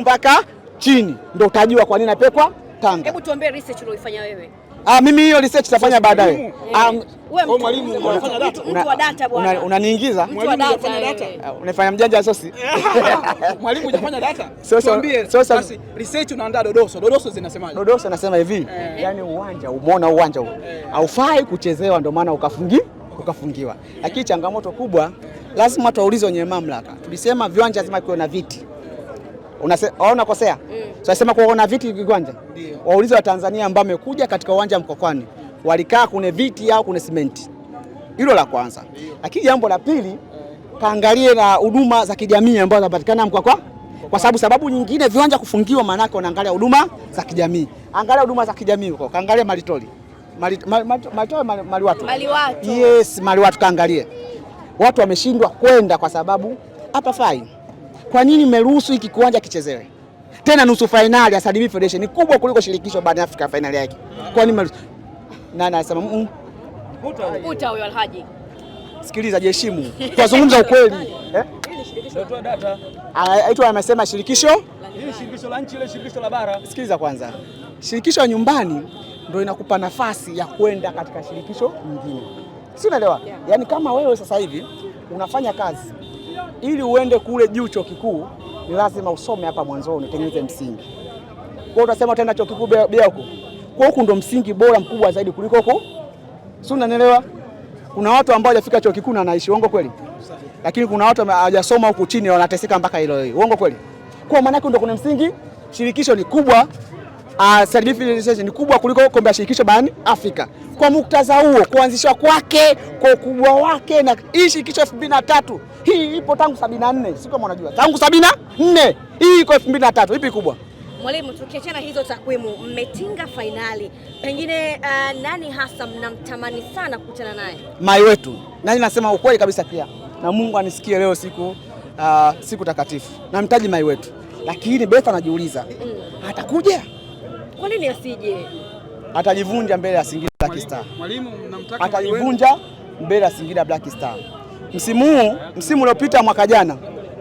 huku mpaka chini, ndio utajua kwa nini apekwa Tanga. Hebu tuombe research ulioifanya wewe. Ah, mimi hiyo research tafanya baadaye. Ah, eh, wewe mwalimu unafanya data. Mtu wa data bwana. Unaniingiza? Mtu wa data. Ah, unafanya mjanja sosi. Mwalimu unafanya data. Sasa basi research unaandaa dodoso. Dodoso zinasemaje? Dodoso anasema hivi, eh. Yaani uwanja umeona uwanja huu. Eh. Haufai kuchezewa ndio maana ukafungi ukafungiwa. Lakini changamoto kubwa lazima tuwaulize wenye mamlaka. Tulisema viwanja lazima kiwe na viti unaona kosea mm. So, sema kwa kuna viti kiwanja, waulize wa Tanzania ambao wamekuja katika uwanja wa Mkwakwani walikaa kuna viti au kuna simenti. Hilo la kwanza, lakini jambo la pili kaangalie na huduma za kijamii ambazo zinapatikana Mkwakwa, kwa sababu sababu nyingine viwanja kufungiwa, maana yake unaangalia huduma za kijamii. Angalia huduma za kijamii huko, kaangalia malitoli malitoli maliwatu, yes, maliwatu kaangalie, watu wameshindwa kwenda kwa sababu hapa fai kwa nini mmeruhusu hiki kiwanja kichezewe tena nusu fainali ya Sadibi Foundation? Ni kubwa kuliko shirikisho barani Afrika fainali yake. Kwa nini mmeruhusu? Nani anasema mm? Kuta huyo Alhaji. Sikiliza, jeshimu, twazungumza ukweli eh? Ah, aitwa amesema shirikisho Sikiliza kwanza, shirikisho ya nyumbani ndio inakupa nafasi ya kwenda katika shirikisho nyingine, si unaelewa? Yeah. Yaani kama wewe sasa hivi unafanya kazi ili uende kule juu chuo kikuu ni lazima usome hapa mwanzoni, utengeneze msingi. Kwa utasema utaenda chuo kikuu bila huko, kwa huku ndo msingi bora mkubwa zaidi kuliko huko, si unanielewa? Kuna watu ambao hawajafika chuo kikuu na anaishi, uongo kweli? Lakini kuna watu hawajasoma huku chini wanateseka mpaka hilo hilo, uongo kweli? Kwa maana yake ndo kuna msingi shirikisho ni kubwa uh, ni kubwa kuliko kombe la shirikisho barani Afrika. Kwa muktadha huo, kuanzishwa kwake, kwa ukubwa wake na hii shirikisho 2003 hii ipo tangu 74, na sio kama unajua, tangu 74 hii iko 2003, ipi kubwa? Mwalimu, tukiachana hizo takwimu, mmetinga fainali, pengine uh, nani hasa mnamtamani sana kukutana naye? Mai wetu, nani? Nasema ukweli kabisa pia, na Mungu anisikie leo siku uh, siku takatifu, namtaji Mai wetu, lakini Betha anajiuliza mm, atakuja kwa nini asije? Atajivunja mbele ya Singida Black Star. Mwalimu mnamtaka, atajivunja mbele ya Singida Black Star. Msimu huu, msimu uliopita mwaka jana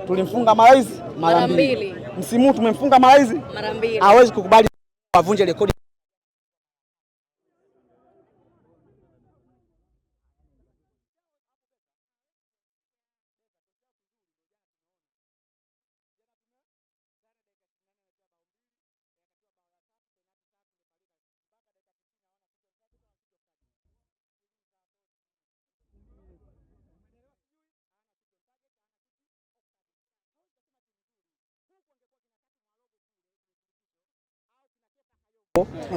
tulimfunga Malaizi mara mbili, msimu huu tumemfunga Malaizi mara mbili. Hawezi kukubali avunje rekodi.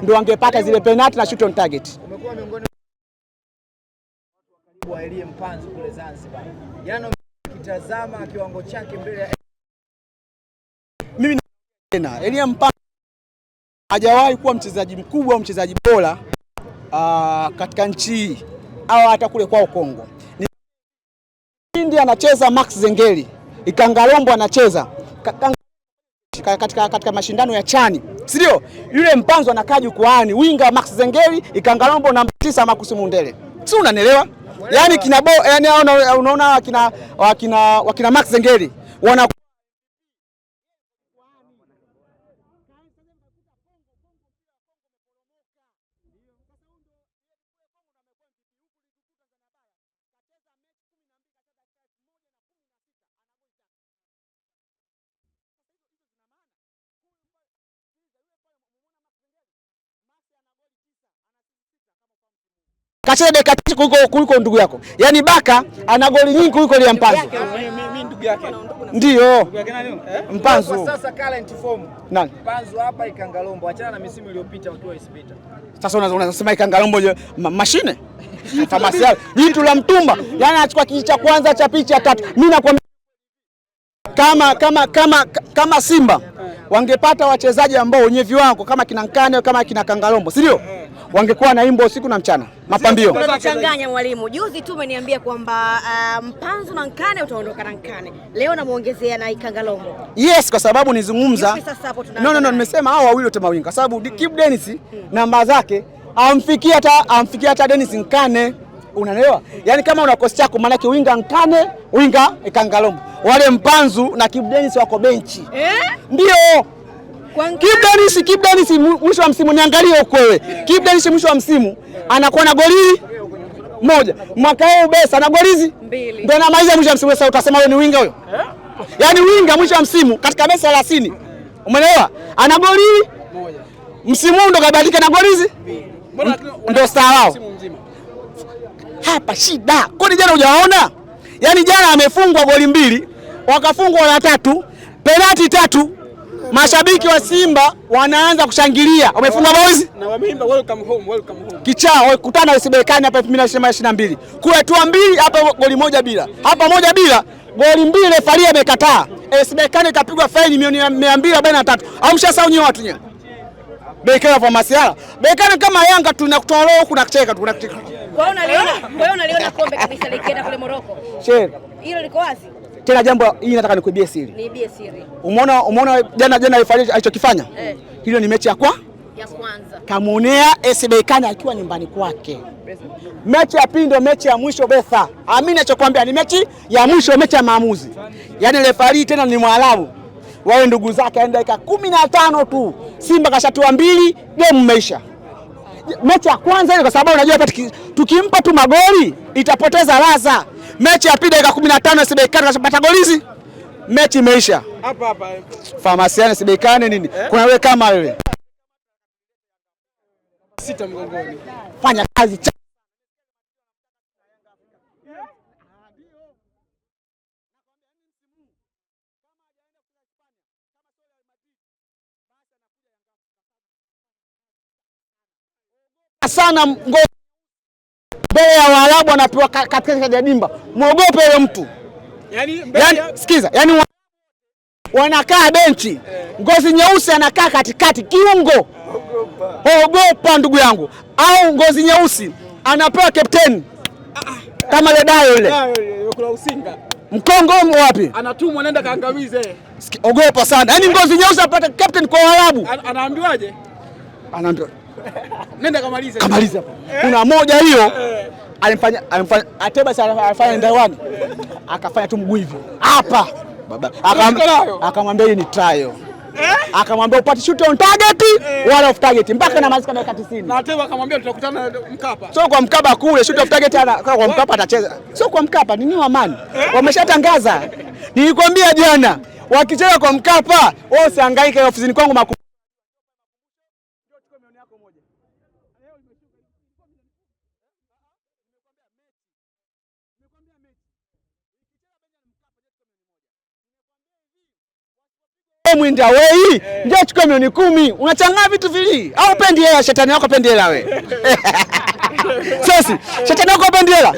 ndo angepata zile penalti na shoot on target. Umekuwa miongoni wa Elie Mpanzu kule Zanzibar. ukitazama kiwango chake mbele ya mimi na Elie Mpanzu hajawahi kuwa mchezaji mkubwa au mchezaji bora ah, katika nchi hii au hata kule kwao Kongo. Ni anacheza Max Zengeli, Ikangalombo anacheza Kakang katika, katika mashindano ya chani si ndio? Yule mpanzo anakaa jukwaani, winga Max Zengeli, Ikangalombo namba tisa Makusi Mundele, si unanielewa? yani kina bo, yani unaona wakina wakina wakina Max Zengeli wana kacheza dakika tatu kuliko kuliko ndugu yako. Yaani Baka ana goli nyingi kuliko ile Mpanzu. Mimi ndugu Ndio. Eh? Mpanzu. Kwa sasa current form. Nani? Mpanzu hapa Ikangalombo. Achana na misimu iliyopita ukiwa Isipita. Sasa unasema Ikangalombo mashine? Famasial. Jitu la mtumba. Yaani anachukua kijiji cha kwanza cha picha tatu. Mimi nakwambia kama kama kama kama Simba eh. wangepata wachezaji ambao wenye viwango kama kina Nkane kama kina Kangalombo, si ndio? Eh wangekuwa na imbo usiku na mchana mapambio. Unachanganya mwalimu, juzi tu umeniambia kwamba uh, mpanzo na Nkane utaondoka na Nkane, leo namuongezea na ikangalombo. Yes, kwa sababu nizungumza no, no, no, nimesema hao wawili wote mawinga, kwa sababu hmm. Kibu Dennis hmm. namba zake amfikia hata amfikia hata Dennis Nkane, unaelewa yani, kama una kosi chako maanake winga Nkane winga Ikangalongo, wale Mpanzu na Kibu Dennis wako benchi eh? ndio Kipdanisi, Kipdanisi mwisho wa msimu niangalie huko wewe. Kipdanisi mwisho wa msimu anakuwa na goli moja. Mwaka huu Besa na goli hizi mbili. Ndio anamaliza mwisho wa msimu sasa utasema wewe ni winga huyo? Eh? Yaani winga mwisho wa msimu katika Besa 30. Umeelewa? Ana goli moja. Msimu huu ndo kabadilika na goli hizi mbili. Ndio sawa wao. Hapa shida. Kwani jana hujaona? Yaani jana amefungwa goli mbili, wakafungwa la tatu, penalti tatu mashabiki wa Simba wanaanza kushangilia, wamefunga boys na wameimba welcome home, welcome home. Kichaa walikutana Sibekani hapa 2022 kule tu mbili hapa goli moja bila hapa moja bila goli mbili refaria amekataa. Sibekani kapigwa faini milioni mia mbili arobaini na tatu. Amshasahau nyewe watu nyewe Bekana kwa masiara Bekana kama Yanga tunakutoa roho kuna kucheka tunacheka. Kwa hiyo unaliona, Wewe unaliona kombe kabisa likienda kule Morocco. Hilo liko wazi. Tena jambo hili nataka nikuibie siri. Niibie siri. Umeona umeona jana jana alichokifanya? Eh. Hilo ni mechi ya kwa ya kwanza. Kamuonea SC Berkane akiwa nyumbani kwake. Mechi ya pili ndio mechi ya mwisho Betha. Amini nachokwambia ni mechi ya mwisho, mechi ya maamuzi. Yaani refari tena ni Mwarabu. Wawe ndugu zake aenda yaani dakika kumi na tano tu. Simba kashatua mbili, game imeisha. Mechi ya kwanza ile kwa sababu unajua tukimpa tu magoli itapoteza ladha mechi ya pili dakika 15 Sibekani kashapata golizi, mechi imeisha hapa hapa. Famasiani Sibekani nini eh? Kuna wewe kama wewe sita mgongoni, fanya kazi sana mgo alikuwa anapewa katikati ya dimba, mwogope huyo mtu yani, yani, ya... sikiza yani wa... wanakaa benchi eh. ngozi nyeusi anakaa katikati kiungo, ogopa ndugu yangu. Au ngozi nyeusi anapewa kapteni kama ledayo yule mkongo wapi, anatumwa nenda kaangamize, ogopa sana. Yani ngozi nyeusi apata captain kwa Waarabu, anaambiwaje? Anaambiwa nenda kamalize, kamalize hapa. Kuna moja hiyo eh alimfanya alimfanya Ateba sasa alifanya ndawani akafanya tu mguu hivi hapa baba, akamwambia hii ni trial eh? Akamwambia upate shoot on target eh, wala off target mpaka eh? na mazika dakika 90 na Ateba akamwambia tutakutana Mkapa, sio kwa Mkapa kule shoot eh? off target ana kwa Mkapa atacheza, sio kwa Mkapa ni nini wamani eh? Wameshatangaza nilikwambia jana, wakicheza kwa Mkapa wao sihangaike ofisini kwangu maku mwinda wei, njoo chukua milioni kumi. unachanga vitu vili, au pendi hela? Shetani wako pendi hela we. Sasa shetani wako pendi hela.